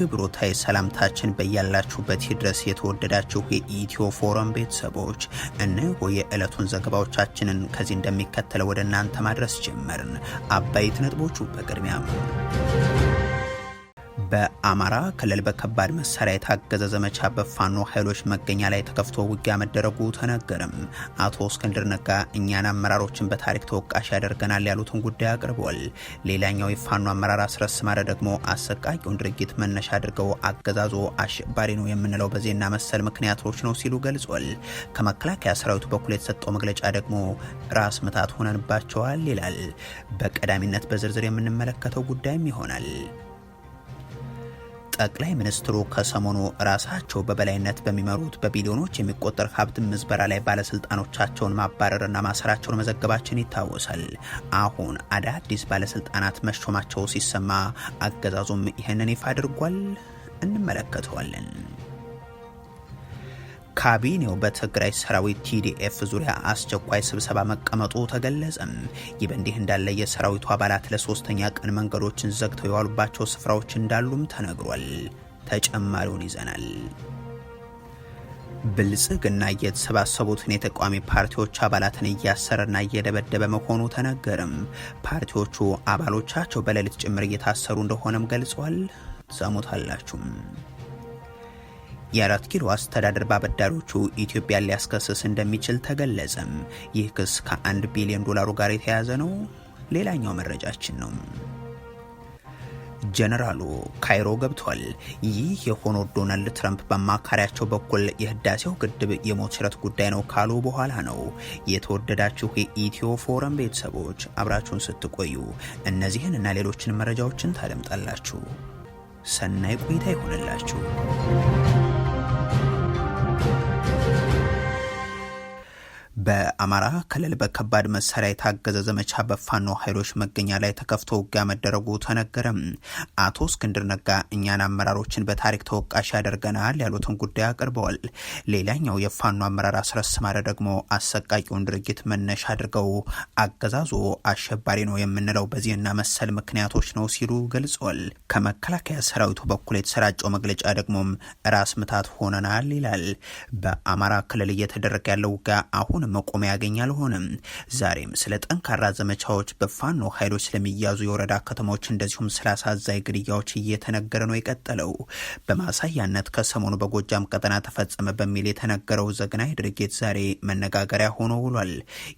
ክብሮታይ ሰላምታችን በያላችሁበት ይድረስ። የተወደዳችሁ የኢትዮ ፎረም ቤተሰቦች እነሆ የዕለቱን ዘገባዎቻችንን ከዚህ እንደሚከተለው ወደ እናንተ ማድረስ ጀመርን። አበይት ነጥቦቹ በቅድሚያም በአማራ ክልል በከባድ መሳሪያ የታገዘ ዘመቻ በፋኖ ኃይሎች መገኛ ላይ ተከፍቶ ውጊያ መደረጉ ተነገርም። አቶ እስክንድር ነጋ እኛን አመራሮችን በታሪክ ተወቃሽ ያደርገናል ያሉትን ጉዳይ አቅርቧል። ሌላኛው የፋኖ አመራር አስረስ ማረ ደግሞ አሰቃቂውን ድርጊት መነሻ አድርገው አገዛዞ አሸባሪ ነው የምንለው በዜና መሰል ምክንያቶች ነው ሲሉ ገልጿል። ከመከላከያ ሰራዊቱ በኩል የተሰጠው መግለጫ ደግሞ ራስ ምታት ሆነንባቸዋል ይላል። በቀዳሚነት በዝርዝር የምንመለከተው ጉዳይም ይሆናል። ጠቅላይ ሚኒስትሩ ከሰሞኑ ራሳቸው በበላይነት በሚመሩት በቢሊዮኖች የሚቆጠር ሀብት ምዝበራ ላይ ባለስልጣኖቻቸውን ማባረርና ማሰራቸውን መዘገባችን ይታወሳል። አሁን አዳዲስ ባለስልጣናት መሾማቸው ሲሰማ አገዛዙም ይህንን ይፋ አድርጓል። እንመለከተዋለን። ካቢኔው በትግራይ ሰራዊት ቲዲኤፍ ዙሪያ አስቸኳይ ስብሰባ መቀመጡ ተገለጸም። ይህ በእንዲህ እንዳለ የሰራዊቱ አባላት ለሶስተኛ ቀን መንገዶችን ዘግተው የዋሉባቸው ስፍራዎች እንዳሉም ተነግሯል። ተጨማሪውን ይዘናል። ብልጽግና የተሰባሰቡትን የተቃዋሚ ፓርቲዎች አባላትን እያሰረና እየደበደበ መሆኑ ተነገርም። ፓርቲዎቹ አባሎቻቸው በሌሊት ጭምር እየታሰሩ እንደሆነም ገልጿል። ሰሙታላችሁም። የአራት ኪሎ አስተዳደር በአበዳሪዎቹ ኢትዮጵያን ሊያስከስስ እንደሚችል ተገለጸም። ይህ ክስ ከአንድ ቢሊዮን ዶላሩ ጋር የተያያዘ ነው። ሌላኛው መረጃችን ነው። ጀነራሉ ካይሮ ገብቷል። ይህ የሆኖ ዶናልድ ትራምፕ በአማካሪያቸው በኩል የህዳሴው ግድብ የሞት ሽረት ጉዳይ ነው ካሉ በኋላ ነው። የተወደዳችሁ የኢትዮ ፎረም ቤተሰቦች አብራችሁን ስትቆዩ እነዚህን እና ሌሎችን መረጃዎችን ታደምጣላችሁ። ሰናይ ቆይታ ይሆንላችሁ። በአማራ ክልል በከባድ መሳሪያ የታገዘ ዘመቻ በፋኖ ኃይሎች መገኛ ላይ ተከፍቶ ውጊያ መደረጉ ተነገረም። አቶ እስክንድር ነጋ እኛን አመራሮችን በታሪክ ተወቃሽ ያደርገናል ያሉትን ጉዳይ አቅርበዋል። ሌላኛው የፋኖ አመራር አስረስ ማረ ደግሞ አሰቃቂውን ድርጊት መነሻ አድርገው አገዛዞ አሸባሪ ነው የምንለው በዚህና መሰል ምክንያቶች ነው ሲሉ ገልጿል። ከመከላከያ ሰራዊቱ በኩል የተሰራጨው መግለጫ ደግሞም ራስ ምታት ሆነናል ይላል። በአማራ ክልል እየተደረገ ያለው ውጊያ አሁን መቆሚያ ያገኝ አልሆነም። ዛሬም ስለ ጠንካራ ዘመቻዎች በፋኖ ኃይሎች ስለሚያዙ የወረዳ ከተሞች እንደዚሁም ስለ አሳዛኝ ግድያዎች እየተነገረ ነው የቀጠለው። በማሳያነት ከሰሞኑ በጎጃም ቀጠና ተፈጸመ በሚል የተነገረው ዘግና ድርጊት ዛሬ መነጋገሪያ ሆኖ ውሏል።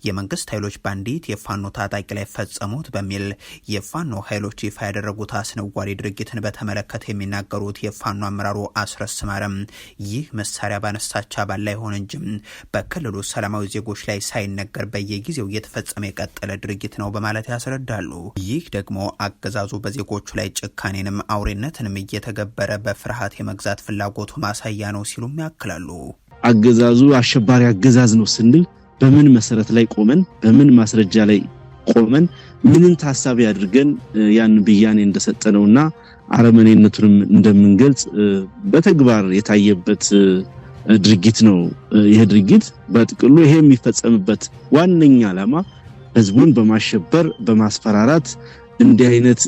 የመንግስት ኃይሎች ባንዲት የፋኖ ታጣቂ ላይ ፈጸሙት በሚል የፋኖ ኃይሎች ይፋ ያደረጉት አስነዋሪ ድርጊትን በተመለከተ የሚናገሩት የፋኖ አመራሩ አስረስ ማረም ይህ መሳሪያ ባነሳቻ ባላ ይሆን ሆነ በክልሉ ሰላማዊ ዜጎች ላይ ሳይነገር በየጊዜው እየተፈጸመ የቀጠለ ድርጊት ነው በማለት ያስረዳሉ። ይህ ደግሞ አገዛዙ በዜጎቹ ላይ ጭካኔንም አውሬነትንም እየተገበረ በፍርሃት የመግዛት ፍላጎቱ ማሳያ ነው ሲሉም ያክላሉ። አገዛዙ አሸባሪ አገዛዝ ነው ስንል በምን መሰረት ላይ ቆመን በምን ማስረጃ ላይ ቆመን ምንን ታሳቢ አድርገን ያን ብያኔ እንደሰጠ ነውና አረመኔነቱንም እንደምንገልጽ በተግባር የታየበት ድርጊት ነው። ይህ ድርጊት በጥቅሉ ይሄ የሚፈጸምበት ዋነኛ ዓላማ ህዝቡን በማሸበር በማስፈራራት እንዲህ አይነት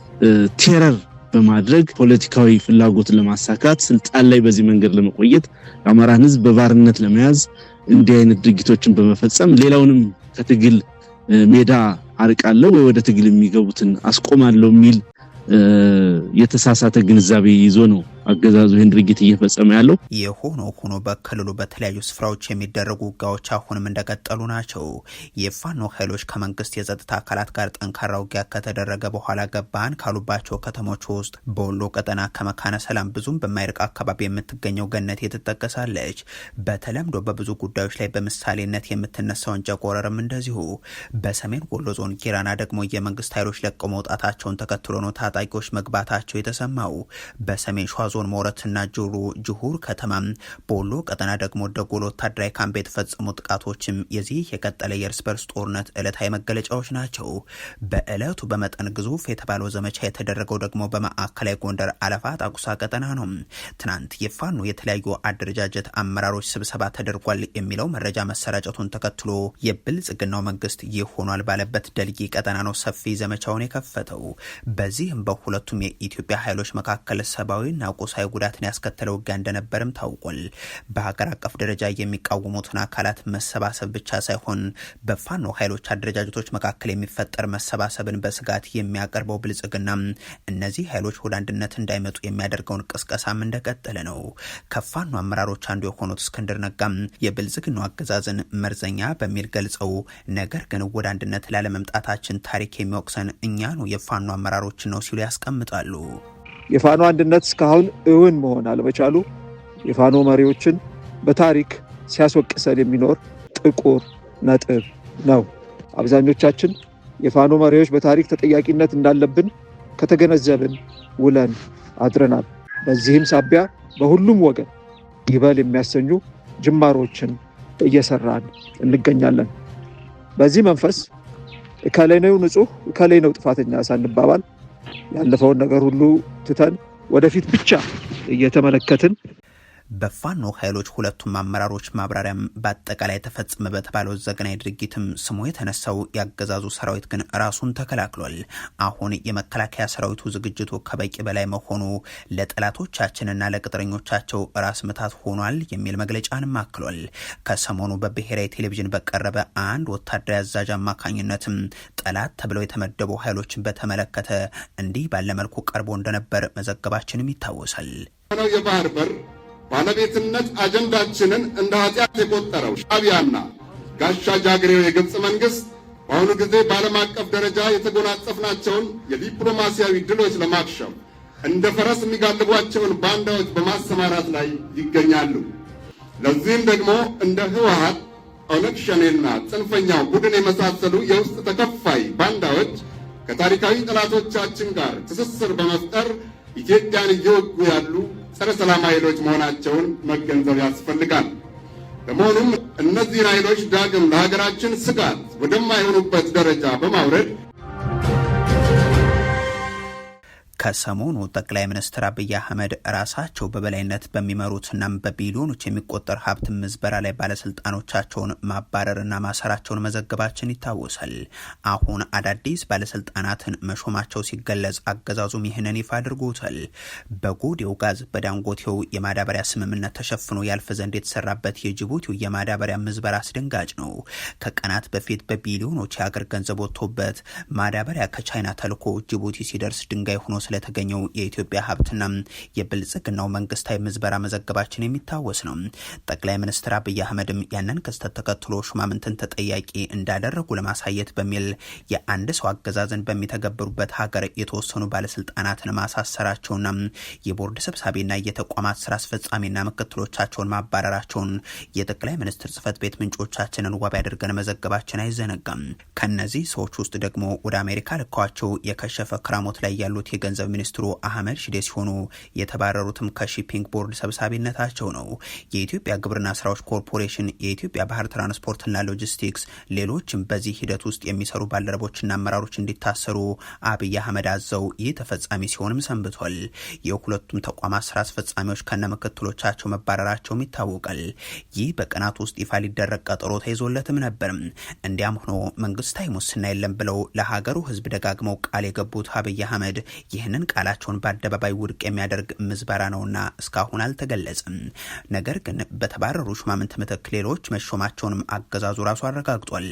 ቴረር በማድረግ ፖለቲካዊ ፍላጎትን ለማሳካት ስልጣን ላይ በዚህ መንገድ ለመቆየት የአማራን ህዝብ በባርነት ለመያዝ እንዲህ አይነት ድርጊቶችን በመፈጸም ሌላውንም ከትግል ሜዳ አርቃለሁ ወይ ወደ ትግል የሚገቡትን አስቆማለሁ የሚል የተሳሳተ ግንዛቤ ይዞ ነው አገዛዙ ይህን ድርጊት እየፈጸመ ያለው። የሆኖ ሆኖ በክልሉ በተለያዩ ስፍራዎች የሚደረጉ ውጊያዎች አሁንም እንደቀጠሉ ናቸው። የፋኖ ኃይሎች ከመንግስት የጸጥታ አካላት ጋር ጠንካራ ውጊያ ከተደረገ በኋላ ገባን ካሉባቸው ከተሞች ውስጥ በወሎ ቀጠና ከመካነ ሰላም ብዙም በማይርቅ አካባቢ የምትገኘው ገነቴ ትጠቀሳለች። በተለምዶ በብዙ ጉዳዮች ላይ በምሳሌነት የምትነሳውን ጨቆረርም እንደዚሁ። በሰሜን ወሎ ዞን ጊራና ደግሞ የመንግስት ኃይሎች ለቀው መውጣታቸውን ተከትሎ ነው ታጣቂዎች መግባታቸው የተሰማው። በሰሜን ሸዋ ዞን መወረትና ጆሮ ጅሁር ከተማ፣ በወሎ ቀጠና ደግሞ ደጎሎ ወታደራዊ ካምፕ የተፈጸሙ ጥቃቶችም የዚህ የቀጠለ የእርስ በርስ ጦርነት ዕለታዊ መገለጫዎች ናቸው። በዕለቱ በመጠን ግዙፍ የተባለው ዘመቻ የተደረገው ደግሞ በማዕከላዊ ጎንደር አለፋ ጣቁሳ ቀጠና ነው። ትናንት የፋኖ የተለያዩ አደረጃጀት አመራሮች ስብሰባ ተደርጓል የሚለው መረጃ መሰራጨቱን ተከትሎ የብልጽግናው መንግስት ይህ ሆኗል ባለበት ደልጊ ቀጠና ነው ሰፊ ዘመቻውን የከፈተው። በዚህም በሁለቱም የኢትዮጵያ ኃይሎች መካከል ሰብአዊና ቁሳዊ ጉዳትን ያስከተለ ውጊያ እንደነበርም ታውቋል። በሀገር አቀፍ ደረጃ የሚቃወሙትን አካላት መሰባሰብ ብቻ ሳይሆን በፋኖ ኃይሎች አደረጃጀቶች መካከል የሚፈጠር መሰባሰብን በስጋት የሚያቀርበው ብልጽግና እነዚህ ኃይሎች ወደ አንድነት እንዳይመጡ የሚያደርገውን ቅስቀሳም እንደቀጠለ ነው። ከፋኖ አመራሮች አንዱ የሆኑት እስክንድር ነጋም የብልጽግናው አገዛዝን መርዘኛ በሚል ገልጸው ነገር ግን ወደ አንድነት ላለመምጣታችን ታሪክ የሚወቅሰን እኛኑ የፋኖ አመራሮችን ነው ሲሉ ያስቀምጣሉ። የፋኖ አንድነት እስካሁን እውን መሆን አለመቻሉ የፋኖ መሪዎችን በታሪክ ሲያስወቅሰን የሚኖር ጥቁር ነጥብ ነው። አብዛኞቻችን የፋኖ መሪዎች በታሪክ ተጠያቂነት እንዳለብን ከተገነዘብን ውለን አድረናል። በዚህም ሳቢያ በሁሉም ወገን ይበል የሚያሰኙ ጅማሮችን እየሰራን እንገኛለን። በዚህ መንፈስ እከሌ ነው ንጹሕ፣ እከሌ ነው ጥፋተኛ ሳንባባል ያለፈውን ነገር ሁሉ ትተን ወደፊት ብቻ እየተመለከትን በፋኖ ኃይሎች ሁለቱም አመራሮች ማብራሪያም በአጠቃላይ ተፈጸመ በተባለው ዘግናይ ድርጊትም ስሙ የተነሳው ያገዛዙ ሰራዊት ግን ራሱን ተከላክሏል። አሁን የመከላከያ ሰራዊቱ ዝግጅቱ ከበቂ በላይ መሆኑ ለጠላቶቻችንና ለቅጥረኞቻቸው ራስ ምታት ሆኗል የሚል መግለጫንም አክሏል። ከሰሞኑ በብሔራዊ ቴሌቪዥን በቀረበ አንድ ወታደራዊ አዛዥ አማካኝነትም ጠላት ተብለው የተመደቡ ኃይሎችን በተመለከተ እንዲህ ባለመልኩ ቀርቦ እንደነበር መዘገባችንም ይታወሳል። የባህር በር ባለቤትነት አጀንዳችንን እንደ ኃጢአት የቆጠረው ሻቢያና ጋሻ ጃግሬው የግብፅ መንግሥት በአሁኑ ጊዜ በዓለም አቀፍ ደረጃ የተጎናጸፍናቸውን የዲፕሎማሲያዊ ድሎች ለማክሸም እንደ ፈረስ የሚጋልቧቸውን ባንዳዎች በማሰማራት ላይ ይገኛሉ። ለዚህም ደግሞ እንደ ህወሓት፣ ኦነግ ሸኔና ጽንፈኛው ቡድን የመሳሰሉ የውስጥ ተከፋይ ባንዳዎች ከታሪካዊ ጠላቶቻችን ጋር ትስስር በመፍጠር ኢትዮጵያን እየወጉ ያሉ ጸረ ሰላም ኃይሎች መሆናቸውን መገንዘብ ያስፈልጋል። በመሆኑም እነዚህን ኃይሎች ዳግም ለሀገራችን ስጋት ወደማይሆኑበት ደረጃ በማውረድ ከሰሞኑ ጠቅላይ ሚኒስትር አብይ አህመድ ራሳቸው በበላይነት በሚመሩትና በቢሊዮኖች የሚቆጠር ሀብት ምዝበራ ላይ ባለስልጣኖቻቸውን ማባረርና ማሰራቸውን መዘገባችን ይታወሳል። አሁን አዳዲስ ባለስልጣናትን መሾማቸው ሲገለጽ አገዛዙም ይህንን ይፋ አድርጎታል። በጎዴው ጋዝ በዳንጎቴው የማዳበሪያ ስምምነት ተሸፍኖ ያልፍ ዘንድ የተሰራበት የጅቡቲው የማዳበሪያ ምዝበራ አስደንጋጭ ነው። ከቀናት በፊት በቢሊዮኖች የአገር ገንዘብ ወጥቶበት ማዳበሪያ ከቻይና ተልኮ ጅቡቲ ሲደርስ ድንጋይ ሆኖ ስለተገኘው የኢትዮጵያ ሀብትና የብልጽግናው መንግስታዊ ምዝበራ መዘገባችን የሚታወስ ነው። ጠቅላይ ሚኒስትር አብይ አህመድም ያንን ክስተት ተከትሎ ሹማምንትን ተጠያቂ እንዳደረጉ ለማሳየት በሚል የአንድ ሰው አገዛዝን በሚተገብሩበት ሀገር የተወሰኑ ባለስልጣናትን ማሳሰራቸውና የቦርድ ሰብሳቢና የተቋማት ስራ አስፈጻሚና ምክትሎቻቸውን ማባረራቸውን የጠቅላይ ሚኒስትር ጽህፈት ቤት ምንጮቻችንን ዋቢ አድርገን መዘገባችን አይዘነጋም። ከነዚህ ሰዎች ውስጥ ደግሞ ወደ አሜሪካ ልከዋቸው የከሸፈ ክራሞት ላይ ያሉት የገንዘብ ገንዘብ ሚኒስትሩ አህመድ ሽዴ ሲሆኑ የተባረሩትም ከሺፒንግ ቦርድ ሰብሳቢነታቸው ነው። የኢትዮጵያ ግብርና ስራዎች ኮርፖሬሽን፣ የኢትዮጵያ ባህር ትራንስፖርትና ሎጂስቲክስ፣ ሌሎችም በዚህ ሂደት ውስጥ የሚሰሩ ባልደረቦችና አመራሮች እንዲታሰሩ አብይ አህመድ አዘው ይህ ተፈጻሚ ሲሆንም ሰንብቷል። የሁለቱም ተቋማት ስራ አስፈጻሚዎች ከነምክትሎቻቸው መባረራቸውም ይታወቃል። ይህ በቀናት ውስጥ ይፋ ሊደረግ ቀጠሮ ተይዞለትም ነበር። እንዲያም ሆኖ መንግስታዊ ሙስና የለም ብለው ለሀገሩ ህዝብ ደጋግመው ቃል የገቡት አብይ አህመድ ይህን ያንን ቃላቸውን በአደባባይ ውድቅ የሚያደርግ ምዝበራ ነውና እስካሁን አልተገለጽም። ነገር ግን በተባረሩ ሹማምንት ምትክ ሌሎች መሾማቸውንም አገዛዙ ራሱ አረጋግጧል።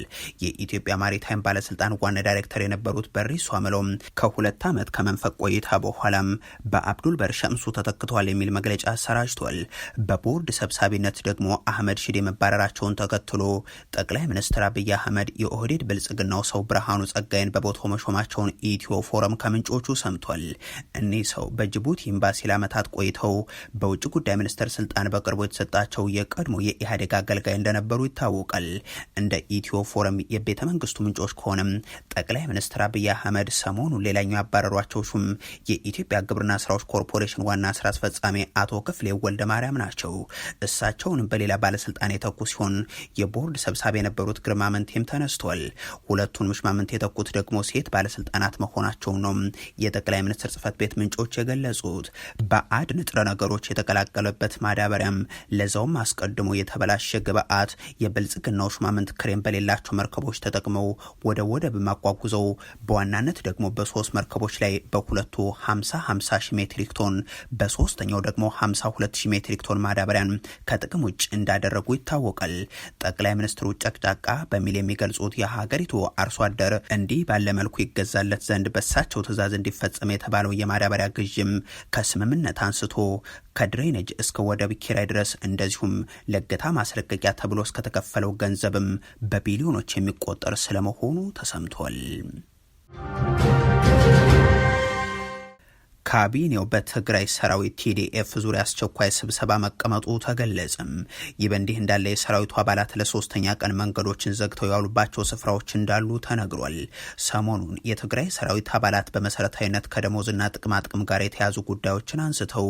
የኢትዮጵያ ማሪታይም ባለስልጣን ዋና ዳይሬክተር የነበሩት በሪሶ አምሎም ከሁለት ዓመት ከመንፈቅ ቆይታ በኋላም በአብዱል በር ሸምሱ ተተክተዋል የሚል መግለጫ አሰራጅቷል። በቦርድ ሰብሳቢነት ደግሞ አህመድ ሽዴ መባረራቸውን ተከትሎ ጠቅላይ ሚኒስትር አብይ አህመድ የኦህዴድ ብልጽግናው ሰው ብርሃኑ ጸጋይን በቦታው መሾማቸውን ኢትዮ ፎረም ከምንጮቹ ሰምቷል። ተናግረዋል። እኒህ ሰው በጅቡቲ ኤምባሲ ለዓመታት ቆይተው በውጭ ጉዳይ ሚኒስተር ስልጣን በቅርቡ የተሰጣቸው የቀድሞ የኢህአዴግ አገልጋይ እንደነበሩ ይታወቃል። እንደ ኢትዮ ፎረም የቤተ መንግስቱ ምንጮች ከሆነም ጠቅላይ ሚኒስትር አብይ አህመድ ሰሞኑ ሌላኛው ያባረሯቸው ሹም የኢትዮጵያ ግብርና ስራዎች ኮርፖሬሽን ዋና ስራ አስፈጻሚ አቶ ክፍሌ ወልደ ማርያም ናቸው። እሳቸውንም በሌላ ባለስልጣን የተኩ ሲሆን የቦርድ ሰብሳቢ የነበሩት ግርማ መንቴም ተነስቷል። ሁለቱን ምሽማምንት የተኩት ደግሞ ሴት ባለስልጣናት መሆናቸው ነው። የጠቅላይ ሚኒስቴር ጽህፈት ቤት ምንጮች የገለጹት በአድ ንጥረ ነገሮች የተቀላቀለበት ማዳበሪያም ለዛውም አስቀድሞ የተበላሸ ግብአት የብልጽግናው ሹማምንት ክሬም በሌላቸው መርከቦች ተጠቅመው ወደ ወደብ ማጓጉዘው በዋናነት ደግሞ በሶስት መርከቦች ላይ በሁለቱ 50 50 ሺ ሜትሪክ ቶን በሶስተኛው ደግሞ 52 ሺ ሜትሪክ ቶን ማዳበሪያን ከጥቅም ውጭ እንዳደረጉ ይታወቃል። ጠቅላይ ሚኒስትሩ ጨቅጫቃ በሚል የሚገልጹት የሀገሪቱ አርሶ አደር እንዲህ ባለ መልኩ ይገዛለት ዘንድ በሳቸው ትእዛዝ እንዲፈጸም የተባለው የማዳበሪያ ግዥም ከስምምነት አንስቶ ከድሬነጅ እስከ ወደብ ኪራይ ድረስ እንደዚሁም ለገታ ማስረቀቂያ ተብሎ እስከተከፈለው ገንዘብም በቢሊዮኖች የሚቆጠር ስለመሆኑ ተሰምቷል። ካቢኔው በትግራይ ሰራዊት ቲዲኤፍ ዙሪያ አስቸኳይ ስብሰባ መቀመጡ ተገለጽም። ይህ በእንዲህ እንዳለ የሰራዊቱ አባላት ለሶስተኛ ቀን መንገዶችን ዘግተው ያሉባቸው ስፍራዎች እንዳሉ ተነግሯል። ሰሞኑን የትግራይ ሰራዊት አባላት በመሰረታዊነት ከደሞዝና ጥቅማጥቅም ጋር የተያዙ ጉዳዮችን አንስተው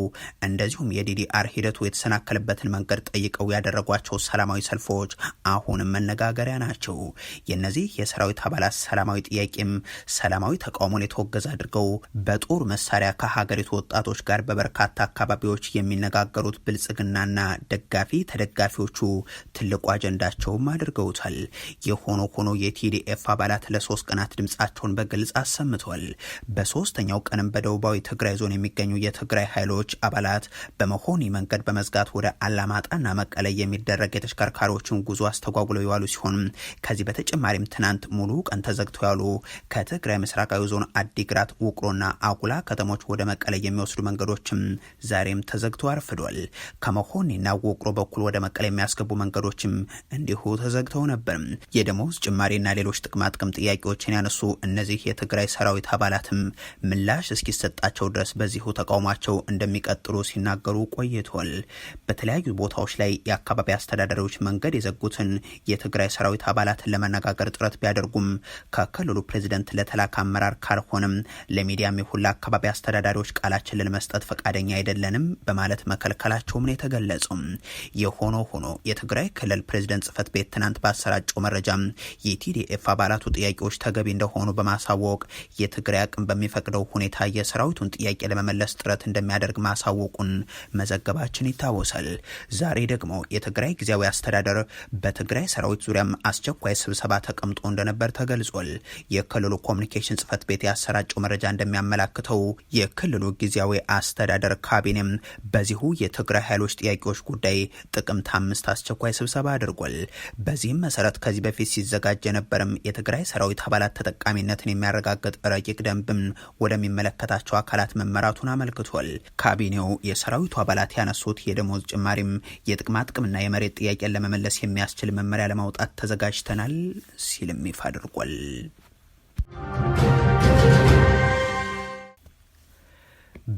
እንደዚሁም የዲዲአር ሂደቱ የተሰናከለበትን መንገድ ጠይቀው ያደረጓቸው ሰላማዊ ሰልፎች አሁንም መነጋገሪያ ናቸው። የእነዚህ የሰራዊት አባላት ሰላማዊ ጥያቄም ሰላማዊ ተቃውሞን የተወገዘ አድርገው በጦር መሳሪያ ከሀገሪቱ ወጣቶች ጋር በበርካታ አካባቢዎች የሚነጋገሩት ብልጽግናና ደጋፊ ተደጋፊዎቹ ትልቁ አጀንዳቸውም አድርገውታል። የሆኖ ሆኖ የቲዲኤፍ አባላት ለሶስት ቀናት ድምፃቸውን በግልጽ አሰምተዋል። በሶስተኛው ቀንም በደቡባዊ ትግራይ ዞን የሚገኙ የትግራይ ኃይሎች አባላት በመሆኒ መንገድ በመዝጋት ወደ አላማጣና መቀለ የሚደረግ የተሽከርካሪዎችን ጉዞ አስተጓጉለው የዋሉ ሲሆን ከዚህ በተጨማሪም ትናንት ሙሉ ቀን ተዘግተው ያሉ ከትግራይ ምስራቃዊ ዞን አዲግራት ውቅሮና አጉላ ከተሞች ወደ ወደ መቀለ የሚወስዱ መንገዶችም ዛሬም ተዘግቶ አርፍዷል። ከመሆኔና ውቅሮ በኩል ወደ መቀለ የሚያስገቡ መንገዶችም እንዲሁ ተዘግተው ነበር። የደሞዝ ጭማሪና ሌሎች ጥቅማጥቅም ጥያቄዎችን ያነሱ እነዚህ የትግራይ ሰራዊት አባላትም ምላሽ እስኪሰጣቸው ድረስ በዚሁ ተቃውሟቸው እንደሚቀጥሉ ሲናገሩ ቆይቷል። በተለያዩ ቦታዎች ላይ የአካባቢ አስተዳዳሪዎች መንገድ የዘጉትን የትግራይ ሰራዊት አባላትን ለመነጋገር ጥረት ቢያደርጉም ከክልሉ ፕሬዚደንት ለተላከ አመራር ካልሆነም ለሚዲያም የሁላ አካባቢ አስተዳዳሪ አስተዳዳሪዎች ቃላችን መስጠት ፈቃደኛ አይደለንም በማለት መከልከላቸውም ነው የተገለጹም። የሆኖ ሆኖ የትግራይ ክልል ፕሬዝደንት ጽህፈት ቤት ትናንት ባሰራጨው መረጃ የቲዲኤፍ አባላቱ ጥያቄዎች ተገቢ እንደሆኑ በማሳወቅ የትግራይ አቅም በሚፈቅደው ሁኔታ የሰራዊቱን ጥያቄ ለመመለስ ጥረት እንደሚያደርግ ማሳወቁን መዘገባችን ይታወሳል። ዛሬ ደግሞ የትግራይ ጊዜያዊ አስተዳደር በትግራይ ሰራዊት ዙሪያም አስቸኳይ ስብሰባ ተቀምጦ እንደነበር ተገልጿል። የክልሉ ኮሚኒኬሽን ጽህፈት ቤት ያሰራጨው መረጃ እንደሚያመላክተው የክልሉ ጊዜያዊ አስተዳደር ካቢኔም በዚሁ የትግራይ ኃይሎች ጥያቄዎች ጉዳይ ጥቅምት አምስት አስቸኳይ ስብሰባ አድርጓል። በዚህም መሰረት ከዚህ በፊት ሲዘጋጅ የነበርም የትግራይ ሰራዊት አባላት ተጠቃሚነትን የሚያረጋግጥ ረቂቅ ደንብም ወደሚመለከታቸው አካላት መመራቱን አመልክቷል። ካቢኔው የሰራዊቱ አባላት ያነሱት የደሞዝ ጭማሪም የጥቅማ ጥቅምና የመሬት ጥያቄን ለመመለስ የሚያስችል መመሪያ ለማውጣት ተዘጋጅተናል ሲልም ይፋ አድርጓል።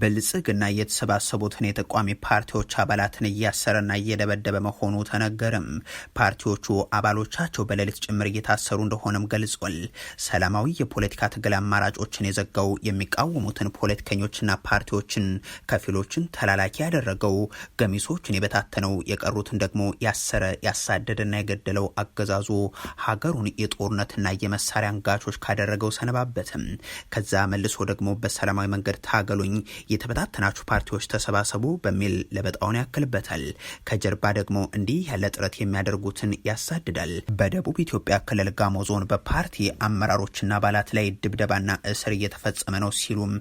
ብልጽግና የተሰባሰቡትን የተቋሚ ፓርቲዎች አባላትን እያሰረና እየደበደበ መሆኑ ተነገርም። ፓርቲዎቹ አባሎቻቸው በሌሊት ጭምር እየታሰሩ እንደሆነም ገልጿል። ሰላማዊ የፖለቲካ ትግል አማራጮችን የዘጋው የሚቃወሙትን ፖለቲከኞችና ፓርቲዎችን ከፊሎችን ተላላኪ ያደረገው ገሚሶችን የበታተነው የቀሩትን ደግሞ ያሰረ ያሳደደና የገደለው አገዛዙ ሀገሩን የጦርነትና የመሳሪያ አንጋቾች ካደረገው ሰነባበትም። ከዛ መልሶ ደግሞ በሰላማዊ መንገድ ታገሉኝ የተበታተናችሁ ፓርቲዎች ተሰባሰቡ በሚል ለበጣውን ያክልበታል። ከጀርባ ደግሞ እንዲህ ያለ ጥረት የሚያደርጉትን ያሳድዳል። በደቡብ ኢትዮጵያ ክልል ጋሞ ዞን በፓርቲ አመራሮችና አባላት ላይ ድብደባና እስር እየተፈጸመ ነው ሲሉም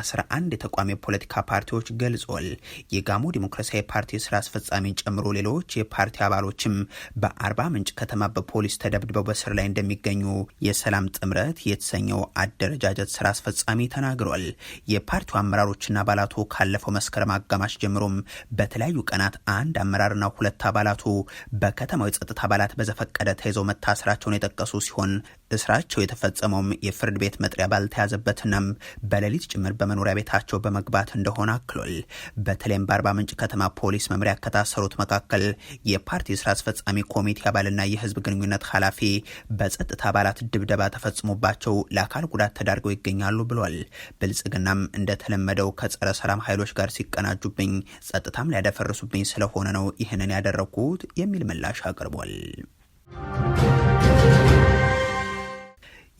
11 የተቋሚ የፖለቲካ ፓርቲዎች ገልጿል። የጋሞ ዲሞክራሲያዊ ፓርቲ ስራ አስፈጻሚን ጨምሮ ሌሎች የፓርቲ አባሎችም በአርባ ምንጭ ከተማ በፖሊስ ተደብድበው በስር ላይ እንደሚገኙ የሰላም ጥምረት የተሰኘው አደረጃጀት ስራ አስፈጻሚ ተናግሯል። የፓርቲው አመራሮች አመራሮችና አባላቱ ካለፈው መስከረም አጋማሽ ጀምሮም በተለያዩ ቀናት አንድ አመራርና ሁለት አባላቱ በከተማው የጸጥታ አባላት በዘፈቀደ ተይዘው መታሰራቸውን የጠቀሱ ሲሆን እስራቸው የተፈጸመውም የፍርድ ቤት መጥሪያ ባልተያዘበትና በሌሊት ጭምር በመኖሪያ ቤታቸው በመግባት እንደሆነ አክሏል። በተለይም በአርባ ምንጭ ከተማ ፖሊስ መምሪያ ከታሰሩት መካከል የፓርቲ ስራ አስፈጻሚ ኮሚቴ አባልና የህዝብ ግንኙነት ኃላፊ በጸጥታ አባላት ድብደባ ተፈጽሞባቸው ለአካል ጉዳት ተዳርገው ይገኛሉ ብሏል። ብልጽግናም እንደተለመደው ከጸረ ሰላም ኃይሎች ጋር ሲቀናጁብኝ፣ ጸጥታም ሊያደፈርሱብኝ ስለሆነ ነው ይህንን ያደረግኩት የሚል ምላሽ አቅርቧል።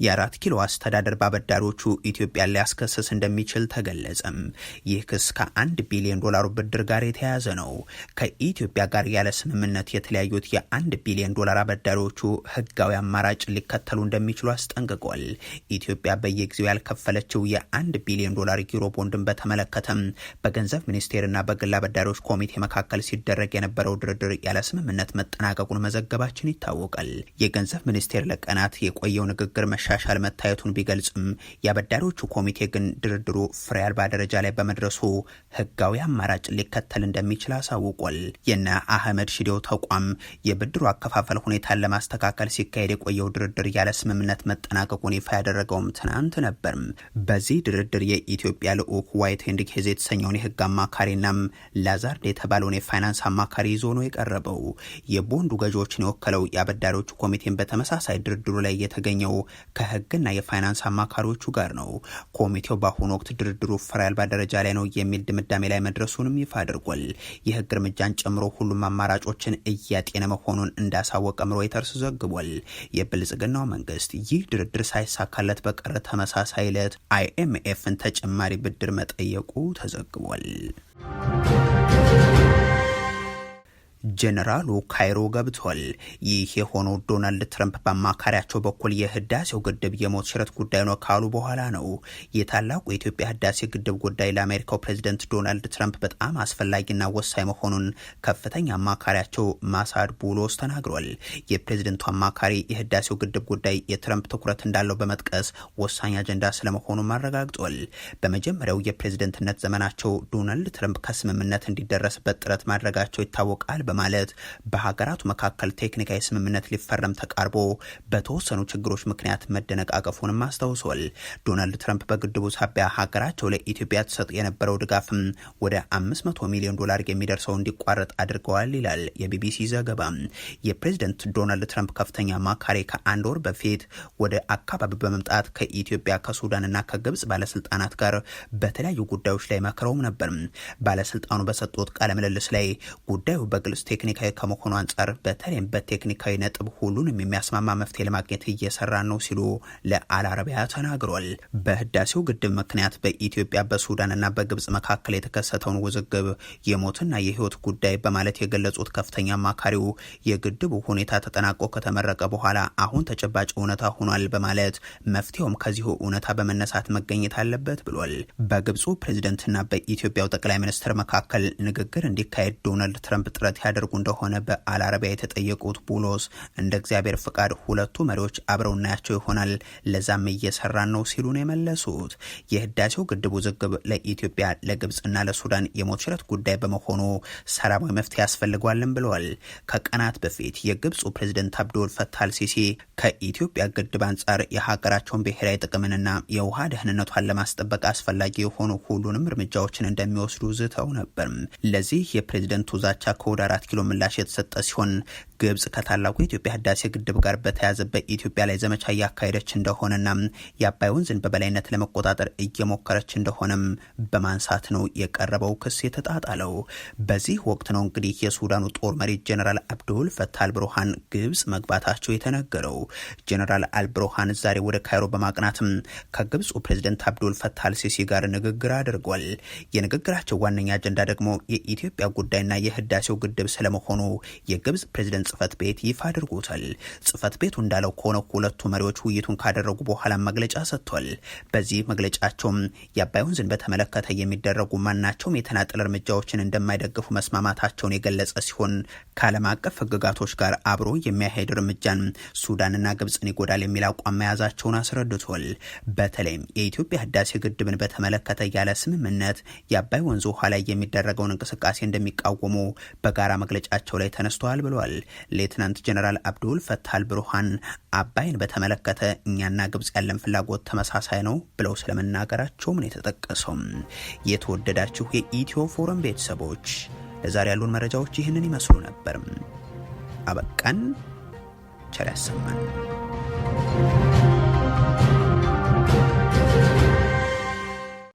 የአራት ኪሎ አስተዳደር በአበዳሪዎቹ ኢትዮጵያን ሊያስከስስ እንደሚችል ተገለጸም። ይህ ክስ ከአንድ ቢሊዮን ዶላሩ ብድር ጋር የተያያዘ ነው። ከኢትዮጵያ ጋር ያለ ስምምነት የተለያዩት የአንድ ቢሊዮን ዶላር አበዳሪዎቹ ህጋዊ አማራጭ ሊከተሉ እንደሚችሉ አስጠንቅቋል። ኢትዮጵያ በየጊዜው ያልከፈለችው የአንድ ቢሊዮን ዶላር ዩሮ ቦንድን በተመለከተም በገንዘብ ሚኒስቴርና በግል አበዳሪዎች ኮሚቴ መካከል ሲደረግ የነበረው ድርድር ያለ ስምምነት መጠናቀቁን መዘገባችን ይታወቃል። የገንዘብ ሚኒስቴር ለቀናት የቆየው ንግግር መሻ መሻሻል መታየቱን ቢገልጽም የአበዳሪዎቹ ኮሚቴ ግን ድርድሩ ፍሬ አልባ ደረጃ ላይ በመድረሱ ህጋዊ አማራጭ ሊከተል እንደሚችል አሳውቋል። የነ አህመድ ሽዴው ተቋም የብድሩ አከፋፈል ሁኔታን ለማስተካከል ሲካሄድ የቆየው ድርድር ያለ ስምምነት መጠናቀቁን ይፋ ያደረገውም ትናንት ነበርም። በዚህ ድርድር የኢትዮጵያ ልዑክ ዋይት ሄንድ ኬዝ የተሰኘውን የህግ አማካሪናም ላዛርድ የተባለውን የፋይናንስ አማካሪ ይዞ ነው የቀረበው። የቦንዱ ገዢዎችን የወከለው የአበዳሪዎቹ ኮሚቴን በተመሳሳይ ድርድሩ ላይ የተገኘው ከህግና የፋይናንስ አማካሪዎቹ ጋር ነው። ኮሚቴው በአሁኑ ወቅት ድርድሩ ፍሬ አልባ ደረጃ ላይ ነው የሚል ድምዳሜ ላይ መድረሱንም ይፋ አድርጓል። የህግ እርምጃን ጨምሮ ሁሉም አማራጮችን እያጤነ መሆኑን እንዳሳወቀ ሮይተርስ ዘግቧል። የብልጽግናው መንግስት ይህ ድርድር ሳይሳካለት በቀረ ተመሳሳይ ዕለት አይኤምኤፍን ተጨማሪ ብድር መጠየቁ ተዘግቧል። ጀነራሉ ካይሮ ገብቷል። ይህ የሆነው ዶናልድ ትረምፕ በአማካሪያቸው በኩል የህዳሴው ግድብ የሞት ሽረት ጉዳይ ነው ካሉ በኋላ ነው። የታላቁ የኢትዮጵያ ህዳሴ ግድብ ጉዳይ ለአሜሪካው ፕሬዚደንት ዶናልድ ትረምፕ በጣም አስፈላጊና ወሳኝ መሆኑን ከፍተኛ አማካሪያቸው ማሳድ ቡሎስ ተናግሯል። የፕሬዝደንቱ አማካሪ የህዳሴው ግድብ ጉዳይ የትረምፕ ትኩረት እንዳለው በመጥቀስ ወሳኝ አጀንዳ ስለመሆኑም አረጋግጧል። በመጀመሪያው የፕሬዝደንትነት ዘመናቸው ዶናልድ ትረምፕ ከስምምነት እንዲደረስበት ጥረት ማድረጋቸው ይታወቃል። በማለት በሀገራቱ መካከል ቴክኒካዊ ስምምነት ሊፈረም ተቃርቦ በተወሰኑ ችግሮች ምክንያት መደነቃቀፉንም አስታውሷል። ዶናልድ ትራምፕ በግድቡ ሳቢያ ሀገራቸው ለኢትዮጵያ ትሰጥ የነበረው ድጋፍም ወደ 500 ሚሊዮን ዶላር የሚደርሰው እንዲቋረጥ አድርገዋል ይላል የቢቢሲ ዘገባ። የፕሬዝደንት ዶናልድ ትራምፕ ከፍተኛ አማካሪ ከአንድ ወር በፊት ወደ አካባቢ በመምጣት ከኢትዮጵያ ከሱዳንና ከግብጽ ባለስልጣናት ጋር በተለያዩ ጉዳዮች ላይ መክረውም ነበር። ባለስልጣኑ በሰጡት ቃለ ምልልስ ላይ ጉዳዩ በግልጽ መንግስት ቴክኒካዊ ከመሆኑ አንጻር በተለይም በቴክኒካዊ ነጥብ ሁሉንም የሚያስማማ መፍትሄ ለማግኘት እየሰራ ነው ሲሉ ለአልአረቢያ ተናግሯል። በህዳሴው ግድብ ምክንያት በኢትዮጵያ በሱዳንና በግብጽ መካከል የተከሰተውን ውዝግብ የሞትና የህይወት ጉዳይ በማለት የገለጹት ከፍተኛ አማካሪው የግድቡ ሁኔታ ተጠናቆ ከተመረቀ በኋላ አሁን ተጨባጭ እውነታ ሆኗል በማለት መፍትሄውም ከዚሁ እውነታ በመነሳት መገኘት አለበት ብሏል። በግብፁ ፕሬዝደንትና በኢትዮጵያው ጠቅላይ ሚኒስትር መካከል ንግግር እንዲካሄድ ዶናልድ ትረምፕ ጥረት ሊያደርጉ እንደሆነ በአልአረቢያ የተጠየቁት ቡሎስ እንደ እግዚአብሔር ፍቃድ ሁለቱ መሪዎች አብረው እናያቸው ይሆናል፣ ለዛም እየሰራን ነው ሲሉ ነው የመለሱት። የህዳሴው ግድብ ውዝግብ ለኢትዮጵያ ለግብፅና ለሱዳን የሞት ሽረት ጉዳይ በመሆኑ ሰላማዊ መፍትሄ ያስፈልጓልን ብለዋል። ከቀናት በፊት የግብፁ ፕሬዝደንት አብዶል ፈታል ሲሲ ከኢትዮጵያ ግድብ አንጻር የሀገራቸውን ብሔራዊ ጥቅምንና የውሃ ደህንነቷን ለማስጠበቅ አስፈላጊ የሆኑ ሁሉንም እርምጃዎችን እንደሚወስዱ ዝተው ነበር። ለዚህ የፕሬዚደንቱ ዛቻ ከወደ ኪሎ ምላሽ የተሰጠ ሲሆን ግብጽ ከታላቁ የኢትዮጵያ ህዳሴ ግድብ ጋር በተያያዘ በኢትዮጵያ ላይ ዘመቻ እያካሄደች እንደሆነና የአባይ ወንዝን በበላይነት ለመቆጣጠር እየሞከረች እንደሆነም በማንሳት ነው የቀረበው ክስ የተጣጣለው። በዚህ ወቅት ነው እንግዲህ የሱዳኑ ጦር መሪ ጀነራል አብዱል ፈታ አልብሩሃን ግብጽ መግባታቸው የተነገረው። ጀነራል አልብሩሃን ዛሬ ወደ ካይሮ በማቅናትም ከግብፁ ፕሬዚደንት አብዱል ፈታ አልሲሲ ጋር ንግግር አድርጓል። የንግግራቸው ዋነኛ አጀንዳ ደግሞ የኢትዮጵያ ጉዳይና የህዳሴው ግድብ ስለመሆኑ የግብጽ ፕሬዚደንት ጽህፈት ቤት ይፋ አድርጎታል። ጽህፈት ቤቱ እንዳለው ከሆነ ሁለቱ መሪዎች ውይይቱን ካደረጉ በኋላ መግለጫ ሰጥቷል። በዚህ መግለጫቸውም የአባይ ወንዝን በተመለከተ የሚደረጉ ማናቸውም የተናጠል እርምጃዎችን እንደማይደግፉ መስማማታቸውን የገለጸ ሲሆን ከዓለም አቀፍ ህግጋቶች ጋር አብሮ የሚያሄድ እርምጃን ሱዳንና ግብፅን ይጎዳል የሚል አቋም መያዛቸውን አስረድቷል። በተለይም የኢትዮጵያ ህዳሴ ግድብን በተመለከተ ያለ ስምምነት የአባይ ወንዝ ውሃ ላይ የሚደረገውን እንቅስቃሴ እንደሚቃወሙ በጋራ መግለጫቸው ላይ ተነስተዋል ብለዋል። ሌትናንት ጀነራል አብዱል ፈታል ብሩሃን አባይን በተመለከተ እኛና ግብጽ ያለን ፍላጎት ተመሳሳይ ነው ብለው ስለመናገራቸውም ነው የተጠቀሰው። የተወደዳችሁ የኢትዮ ፎረም ቤተሰቦች ለዛሬ ያሉን መረጃዎች ይህንን ይመስሉ ነበር። አበቃን። ቸር ያሰማን።